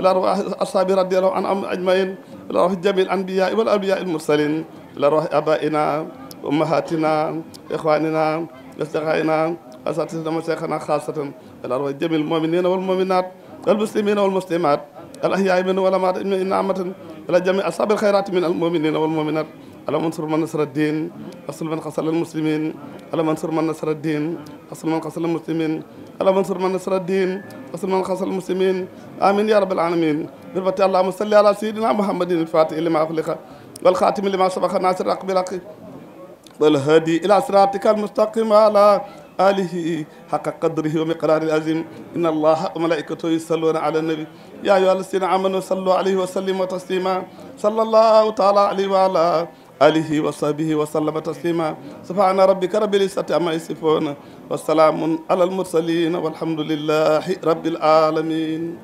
إلى أرواح أصحاب رضي الله عنهم أجمعين إلى أرواح جميع الأنبياء والأولياء المرسلين إلى أرواح آبائنا أمهاتنا إخواننا أصدقائنا أساتذتنا مشايخنا خاصة إلى أرواح جميع المؤمنين والمؤمنات المسلمين والمسلمات الأحياء من والأموات من نعمة إلى جميع أصحاب الخيرات من المؤمنين والمؤمنات اللهم انصر من نصر الدين أصل من قصر المسلمين اللهم انصر من نصر الدين أصل من قصر المسلمين اللهم انصر من نصر الدين وانصر من خاص المسلمين امين يا رب العالمين بربتي اللهم صل على سيدنا محمد الفاتح لما اغلق والخاتم لما سبق ناصر الحق بالحق والهادي الى صراطك المستقيم على آله حق قدره ومقرار العظيم إن الله وملائكته يصلون على النبي يا أيها الذين آمنوا صلوا عليه وسلموا تسليما صلى الله تعالى عليه وعلى alihi wa sahbihi wa sallama taslima subhana rabbika rabbil izzati amma yasifuna wa salaamun alal mursalin walhamdulillahi rabbil alamin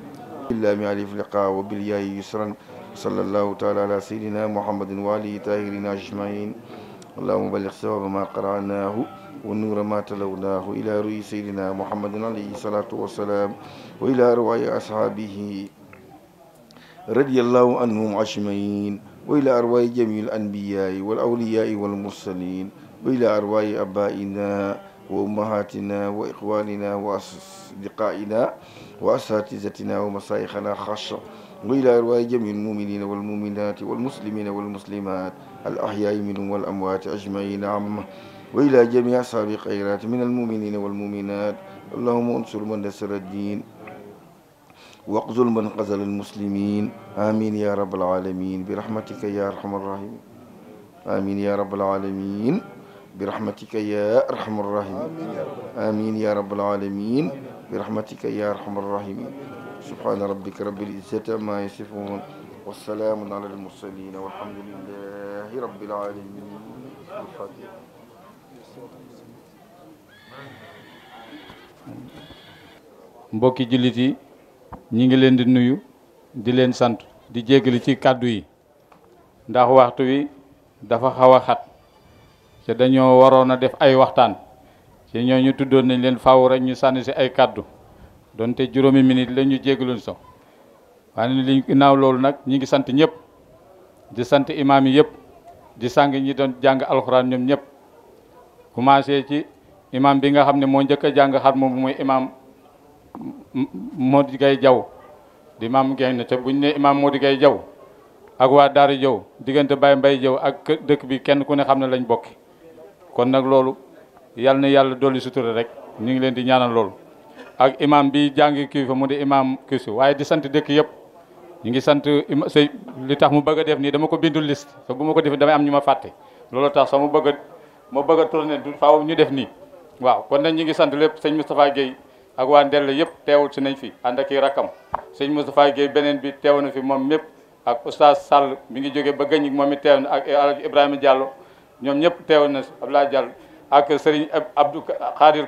illami alif liqa wa bil yaayi yusran sallallahu taala ala sayyidina muhammadin wa alihi tahirina ajmain allahuma balligh sawaba ma qara'nahu wa nuura ma talawnaahu ila ruyi sayyidina muhammadin alayhi salatu wassalam wa ila ruwaaya ashaabihi radiyallahu anhum ajmain وإلى أرواح جميع الأنبياء والأولياء والمرسلين وإلى أرواح أبائنا وأمهاتنا وإخواننا وأصدقائنا وأساتذتنا ومشايخنا خاصة وإلى أرواح جميع المؤمنين والمؤمنات والمسلمين والمسلمات الأحياء منهم والأموات أجمعين عامة وإلى جميع أصحاب الخيرات من المؤمنين والمؤمنات اللهم انصر من نصر الدين waqzul man xazalal muslimin amin ya rabbal alamin bi rahmatika ya arhamar rahimin amin ya rabbal alamin bi rahmatika ya arhamar rahimin amin ya rabbal alamin bi rahmatika ya arhamar rahimin subhana rabbika rabbil izzati amma yasifun wasalaamun ala almursalin walhamdulillahi rabbil alamin mbokki jullit yi ñi ngi leen di nuyu di leen sant di jégali ci kàddu yi ndax waxtu wi dafa xaw a xat te dañoo waroon a def ay waxtaan ci ñooñu tuddoon nañ leen faaw rek ñu sànni si ay kàddu donte juróomi minit la ñu jégaluñ so waaye li ginnaaw loolu nag ñi ngi sant ñëpp di sant imaam yi yëpp di sang ñi doon jàng alxuraan ñoom ñëpp commencé ci imaam bi nga xam ne moo njëkk a jàng xar moom mooy imam Modou Gaye Diaw di maam Gaye na te buñ ne imaam Modou Gaye Diaw ak waa Daara jaw diggante Baye Mbaye Diaw ak dëkk bi kenn ku ne xam ne lañ bokki kon nag loolu yal na yàlla dolli sutura rek ñu ngi leen di ñaanal loolu ak imam bi jàngi kii fa mu di imam kii waaye di sant dëkk yëpp ñu ngi sant ima say li tax mu bëgg a def nii dama ko bindul liste te bu ma ko defee damay am ñu ma fàtte loolu tax sama bëgg a ma bëgg a tourné du faaw ñu def nii waaw kon nag ñu ngi sant lépp sëñ Moustapha Guèye ak waa Ndella yëpp teewul si nañ fi ànd ak i rakkam sëñ Moustapha Guèye beneen bi teew na fi moom mépp ak oustaz Sall mi ngi jóge ba gëñ moom it teew na ak Alaaji Ibrahima Diallo ñoom ñëpp teew na Abdoulaye Diallo ak sëriñ Abdou Khadir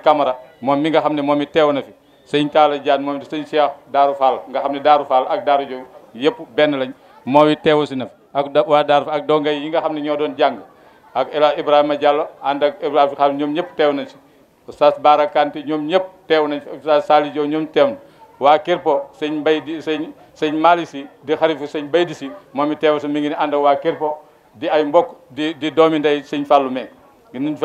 moom mi nga xam ne moom it teew na fi sëñ taalo Diagne moom it sëñ Cheikh Daaru Fall nga xam ne Daaru Fall ak Daaru Jow yëpp benn lañ moo it teewu si na fi ak waa Daaru ak donga yi nga xam ne ñoo doon jàng ak El Ibrahima Diallo ànd ak Ibrahima xam ñoom ñëpp teew na si oustaz Barakante ñoom ñëpp teew nañ fi ñoom teew waa Kirpo sëñ Mbay di sëñ sëñ Malick si di xarifu sëñ Bay di si moom it teew sa mi ngi ni ànd ak di ay mbokk di di doomi ndey sëñ Fallou Meng nuñ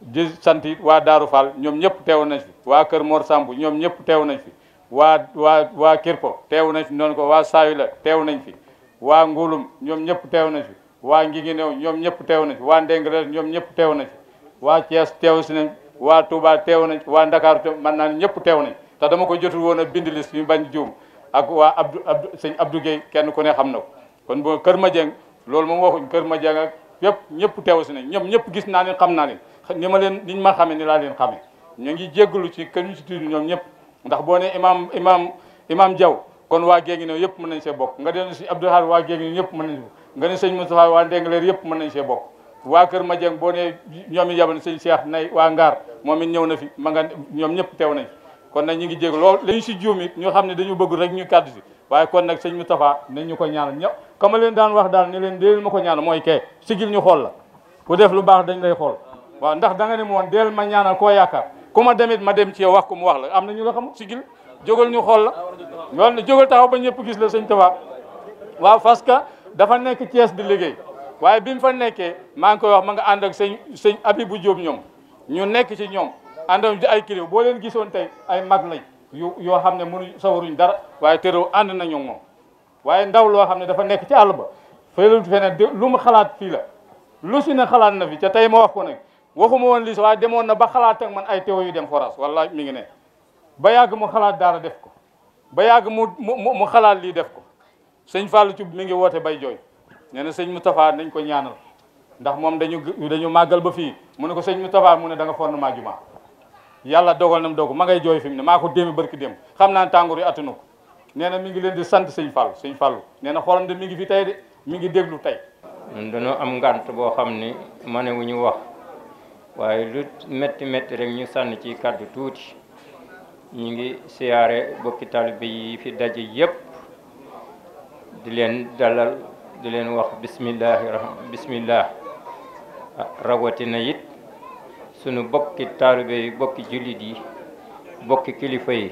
di sant waa Daaru Fall ñoom ñëpp teew nañ fi waa Kër moor Samb ñoom ñëpp teew nañ fi waa waa waa Kirpo teew nañ fi noonu ko waa Saayula teew nañ fi waa Ngulum ñoom ñëpp teew nañ fi waa Ngingineew ñoom ñëpp teew nañ fi waa Ndengler ñoom ñëpp teew nañ fi waa Thiès teew si nañ waa Touba teew nañ waa Ndakaaru te man naa ñëpp teew nañ te dama ko jotu woon a bind liste ñu bañ juum ak waa Abdou sëñ Abdou Guèye kenn ku ne xam na ko kon boo Kër ma Madieng loolu moom waxuñ Kër Madieng ak yëpp ñëpp teew si nañ ñoom ñëpp gis naa leen xam naa leen ni ma leen niñ ma xamee ni laa leen xamee ñu ngi jéggalu ci kër ñu si tudd ñoom ñëpp ndax boo ne imam imam imam Diaw kon waa Guèye ñëw yëpp mën nañ see bokk nga den sëñ Abdou Khadre waa Guèye ñëpp mën nañ nga ne sëñ Moustapha waa Ndengler yëpp mën nañ see bokk waa Kër ma Madieng boo nee ñoom i yabal sëñ Cheikh nay waa Ngaar moom it ñëw na fi ma nga ñoom ñëpp teew nañ kon nag ñu ngi jég lool lañu si juum it ñu xam ne dañu bëgg rek ñu kàddu si waaye kon nag sëñ Moustapha nañ ñu ko ñaanal ñëpp comme leen daan wax daal ne leen deel ma ko ñaanal mooy kee sigil ñu xool la ku lu baax dañ lay xool waaw ndax da nga ne moon deel ma koo yaakaar ku ma demit ma dem ci yow wax ko mu wax la am na ñu la xam sigil jógal ñu xool la loolu jógal taxaw ba ñëpp gis la sëñ Tafa waaw parce que dafa nekk Thiès di liggéey waaye bi mu fa nekkee maa ngi koy wax ma nga ànd ak sëñ sëñ Abibou Diop ñoom ñu nekk ci ñoom ànd ak ay kilifa boo leen gisoon tey ay mag lañ yu yoo xam ne mënuñ sawaruñ dara waaye teroo ànd nañu moom waaye ndaw loo xam ne dafa nekk ci àll ba fële feneen lu mu xalaat fii la lu si ne xalaat na fi ca tey ma wax ko nag waxuma woon lii waaye demoon na ba xalaat ak man ay teew yu dem foras wala mi ngi ne ba yàgg mu xalaat daara def ko ba yàgg mu mu mu xalaat lii def ko sëñ Fallou Thioub mi ngi woote bay jooy nee na sëñ Moustapha nañ ko ñaanal ndax moom dañu dañu màggal ba fii mu ne ko sëñ tafaa mu ne da nga fonn maa juma yàlla dogal na mu doog ma ngay jooy fi mu ne maa ko démb barki démb xam naa tàngoor yi attanu ko nee na mi ngi leen di sant sëñ Fallou sëñ Fallou nee na xolam de mi ngi fi tey de mi ngi déglu tey ñun dañoo am ngànt boo xam ni manewuñu wax waaye lu métti métti rek ñu sànni ci kàddu tuuti ñu ngi siyaare bokki bi yi fi daje yépp di leen dalal di leen wax bismillahi rahma bismillah rawatina it sunu bokki taalibe yi bokki jullit yi bokki kilifa yi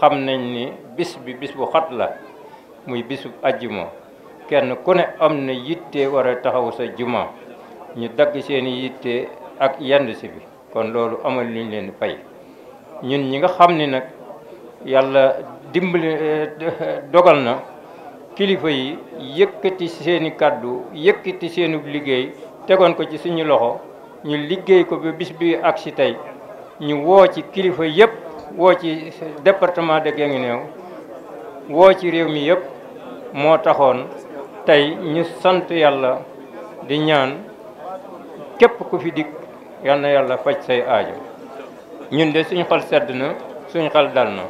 xam nañ ni bis bi bis bu xat la muy bisu ajjuma kenn ku ne am na yitte war a taxaw sa juma ñu dagg seeni yitte ak yend bi kon loolu amal luñ leen fay ñun ñi nga xam ni nag yàlla dimbali eh, dogal na kilifa yi yëkkati seeni kàddu yëkkati seenu liggéey tegoon ko ci suñu loxo ñu liggéey ko ba bis bi ak si tey ñu woo ci kilifa yëpp woo ci département de Guinguinéo woo ci réew mi yëpp moo taxoon tey ñu sant yàlla di ñaan képp ku fi dikk yal na yàlla faj say aajo ñun de suñu xal sedd na suñu xel dal na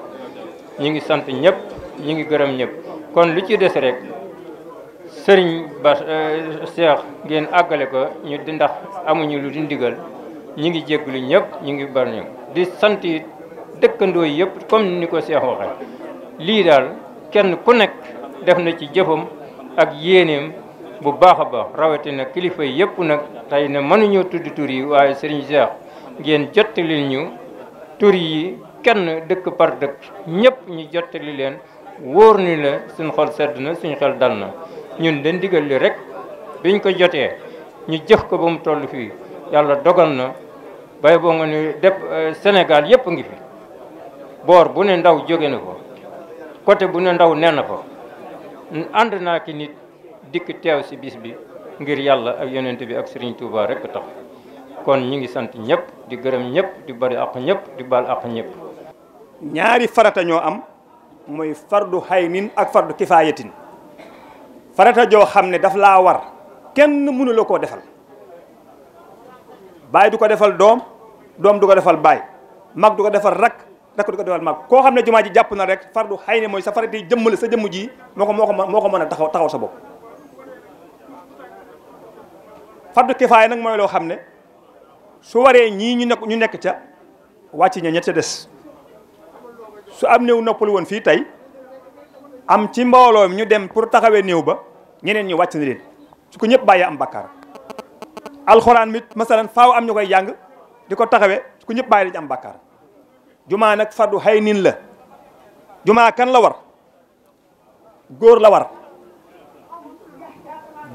ñu ngi sant ñëpp ñu ngi gërëm ñëpp kon lu ci des rek sëriñ ba seex euh, ngeen àggale ko ñu di ndax amuñu lu di ndigal ñi ngi jégglu ñëpp ñu ngi bar di sant it dëkkandoo yëpp comme ni ko seex waxee lii daal kenn ku nekk def na ci jëfam ak yéeneem bu baax a baax rawatina kilifa yëpp nag tey ne mënuñoo tudd tur yi waaye sëriñ seex ngeen jottali ñu tur yi kenn dëkk par dëkk ñëpp ñu jottali leen wóor nii la suñ xol sedd na suñ xel dal na ñun leen digal li rek biñ ko jotee ñu jëf ko ba mu toll fii yàlla dogal na bay boo nga ni def euh, Sénégal yëpp ngi fi boor bu ne ndaw jóge na ko côté bu ne ndaw nee na ko ànd naa ki nit dikk teew si bis bi ngir yàlla ak yonent bi ak Serigne Touba rek tax kon ñu ngi sant ñëpp di gërëm ñëpp di bari ak ñëpp di baal ak ñëpp ñaari farata am mooy fardu haynin ak fardu kifaayatin farata joo xam ne daf laa war kenn mënu la koo defal baay du ko defal doom doom du ko defal baay mag du ko defal rak rak du ko defal mag koo xam ne jumaa ji jàpp na rek fardu ne mooy sa farati jëmm la sa jëmm ji moo ko moo ko moo ko mën a taxaw taxaw sa bopp fardu kifaaya nag mooy loo xam ne su waree ñii ñu nekk ñu nekk ca wàcc ña ña ca des su am néew noppalu woon fii tey am ci mbooloom ñu dem pour taxawee néew ba ñeneen ñu wàcc na leen su ko ñëpp bàyyi am bakkaar alxuraan mit masalan faaw am ñu koy jàng di ko taxawee su ko ñëpp bàyyi dañu am bakkaar jumaa nag fardu xay niin la jumaa kan la war góor la war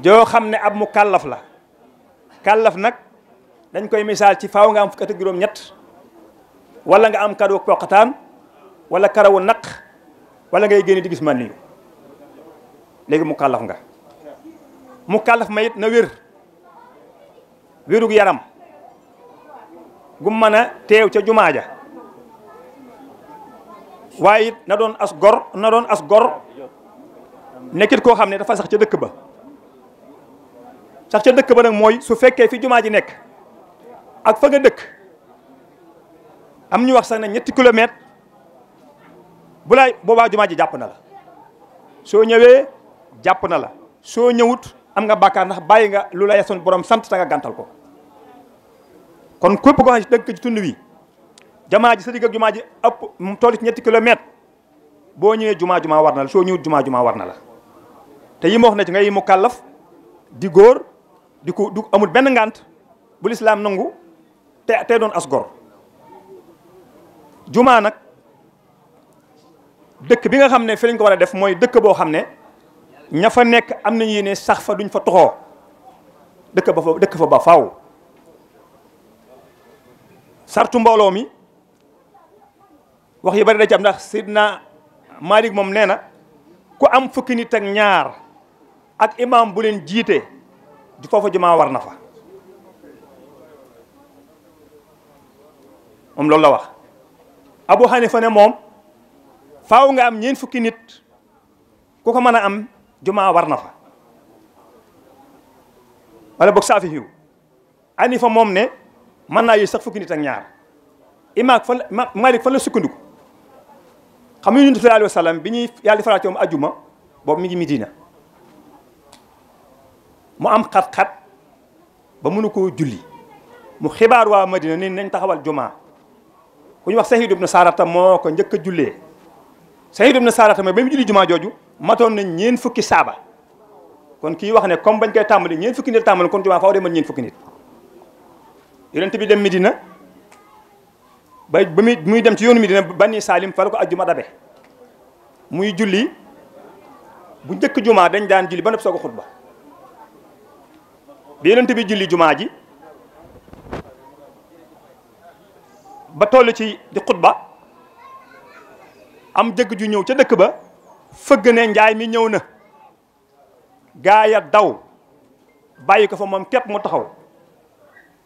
joo xam ne ab mu kàllaf la kàllaf nag dañ koy misaal ci faaw nga am fukki at ñett wala nga am kàddu poqataan wala karawu naq wala ngay génn di gis man niyu léegi mu kàllaf nga mu kàllaf ma it na wér wérug yaram gu mën a teew ca jumaa ja waaye it na doon as gor na doon as gor nekkit koo xam ne dafa sax ca dëkk ba sax ca dëkk ba nag mooy su fekkee fi jumaa ji nekk ak fa nga dëkk am ñu wax sax na ñetti kilomètre bu laay boobaa jumaa ji jàpp na la soo ñëwee jàpp na la soo ñëwut am nga bàkkaar ndax bàyyi nga lu la yesoon borom sant ta nga gàntal ko kon képp koo xam ne dëkk ci tund wi jamaa ji sa digg ak jumaa ji ëpp mu toll ñetti kilomètre boo ñëwee jumaa jumaa war na la soo ñëwut jumaa jumaa war na la te yi wax na ci nga yi mu kàllaf di góor di ko du amul benn ngant bu lislaam nangu te doon as gor jumaa nag dëkk bi nga xam ne fi lañ ko war a def mooy dëkk boo xam ne ña fa nekk am nañu yéene sax fa duñ fa toxoo dëkk ba fa dëkk fa ba faw sartu mbooloo mi wax yi bari da ci am ndax Sidna Malik moom nee na ku am fukki nit ak ñaar ak imam bu leen jiite di foofa jumaa war na fa moom loolu la wax Abu Hanifa ne moom faaw nga am ñeent fukki nit ku ko mën a am jumaa war na fa wala boog saafi xiw ani fa moom ne mën naa yooyu sax fukki nit ak ñaar imaam fan malik fan la sukkandiku xam nga ñun sallallahu alayhi wa sallam bi ñuy yàlla ajuma boobu mi ngi Medina mu am xat-xat ba mënu ko julli mu xibaar waa Madina ni nañ taxawal jumaa ku ñu wax Sahiid ibn Sarata moo ko njëkk a jullee Saïd na Saara tamit ba mu julli jumaa jooju matoon nañ ñeen fukki saaba kon kii wax ne comme bañ koy tàmbali ñeen fukki nit tàmbali kon jumaa faaw bi dem Medina ba ba muy dem ci yoonu Medina bani Salim fa la ko ajjuma dabe muy julli bu njëkk jumaa dañ daan julli ba nopp soog a xutba bi yonent bi julli jumaa ji ba toll ci di xutba am jëgg ju ñëw ca dëkk ba fëgg ne njaay mi ñëw na gaaya daw bàyyi ko fa moom képp mu taxaw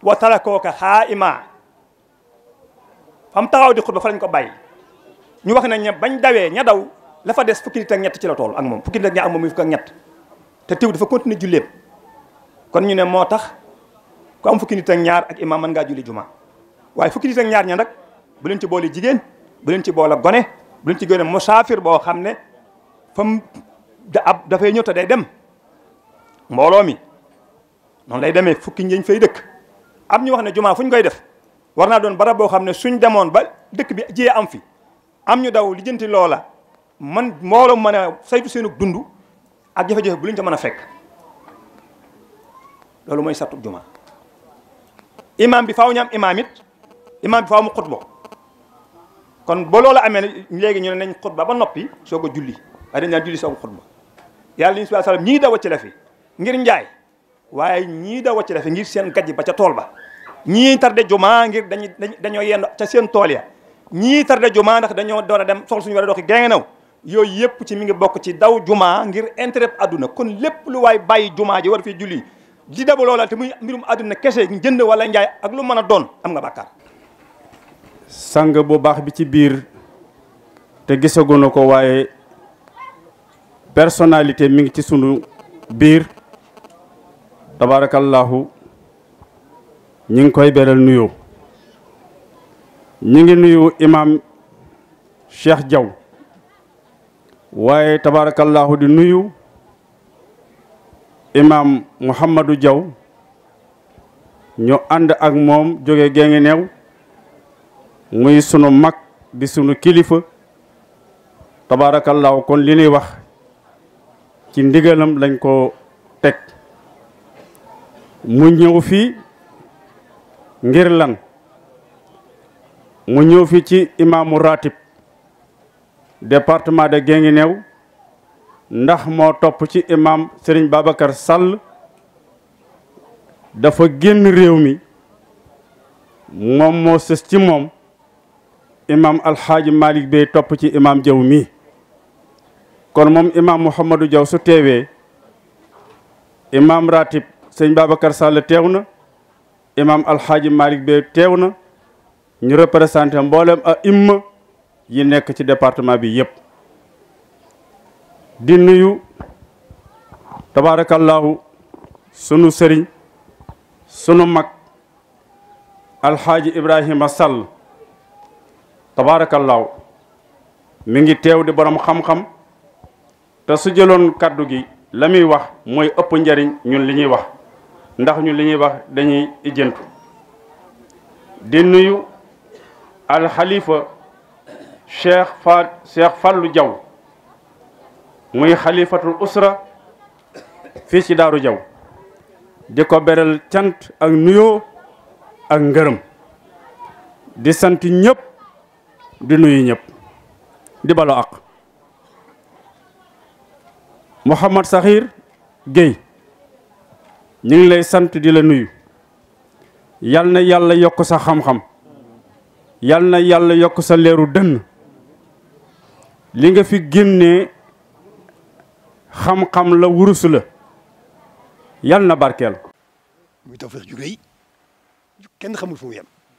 wa tarakooka xaa imaa fam taxaw di xutba fa lañ ko bàyyi ñu wax nañ ne bañ dawee ña daw la fa des fukki nit ñett ci la tool ak moom fukki nit ak ña ak moom muy fukk ak ñett te teew dafa continuer julleem kon ñu ne moo tax ku ak ñaar ak imaam mën ngaa julli juma waaye fukki nit ña nag bu leen ci boole jigéen bu leen ci boole gone luñ ci gën a musaafir boo xam ne fam da ab dafay ñëw day dem mbooloo mi noonu lay demee fukki njëñ fay dëkk am ñu wax ne jumaa fu ñu koy def war naa doon bara boo xam ne suñ demoon ba dëkk bi jiyee am fi am ñu daw lijjanti loola man mbooloo mën a saytu seenu dundu ak jafe-jafe bu luñ ko mën a fekk loolu mooy sartu jumaa imaam bi faaw ñu am imaam imaam bi faaw mu xutbo kon boo loolu amee léegi ñu ne nañ xutba ba noppi soog a julli waaye dañ daan julli soog a xutba yàlla nañu subhaanahu wa taala ñii daw a ci la fi ngir njaay waaye ñii daw a ci la fi ngir seen gajj ba ca tool ba ñii tar tarde jumaa ngir dañu dañoo yendu ca seen tool ya ñii tarde jumaa ndax dañoo doon a dem soxla suñu war a doxi genge naw yooyu yëpp ci mi ngi bokk ci daw jumaa ngir intérêt àdduna kon lépp lu waay bàyyi jumaa ji war fii julli di daba loola te muy mbirum àdduna kese jënd wala njaay ak lu mën a doon am nga bàkkaar sang bu baax bi ci biir te gisaguñu ko waaye personnalité mi ngi ci sunu biir tabaarakallaahu ñi ngi koy beral nuyoo ñi ngi nuyu imam Cheikh jaw waaye tabaarakallaahu di nuyu imam Mouhamadou jaw ñu ànd ak moom jóge Guinguinéo muy sunu mag di sunu kilifa tabaarakallaahu kon li ñuy wax ci ndigalam lañ koo teg mu ñëw fii ngir lan mu ñëw fii ci imaamu ratib département de Guinguinéo ndax moo topp ci imam Serigne Babacar Sall dafa génn réew mi moom moo sës ci moom imam alxaaji malik bey topp ci imam jaw mi kon moom imam mouhamadou jaw su teewee imam ratib sëñ babacar sall teew na imam alxaaji malik bey teew na ñu représenté mboolem a imma yi nekk ci département bi yépp di nuyu tabaarakallaahu sunu sëriñ sunu mag alxaaji ibrahima sall tabaarakallaahu mi ngi teew di boroom xam-xam te su jëloon kàddu gi la muy wax mooy ëpp njariñ ñu li ñuy wax ndax ñu li ñuy wax dañuy ijjantu di nuyu alxalifa cheikh fa cheikh fàllu jaw muy xalifatul usra fii ci daaru jaw di ko beral cant ak nuyoo ak ngërëm di sant ñëpp di nuyu ñëpp di balo ak Mouhamad Sakhir Guèye ñu ngi lay sant di la nuyu yal na yàlla yokk sa xam-xam yal na yàlla yokk sa leeru dënn li nga fi génnee xam-xam la wurus la yal na barkeel muy tawfeex ju rëy yem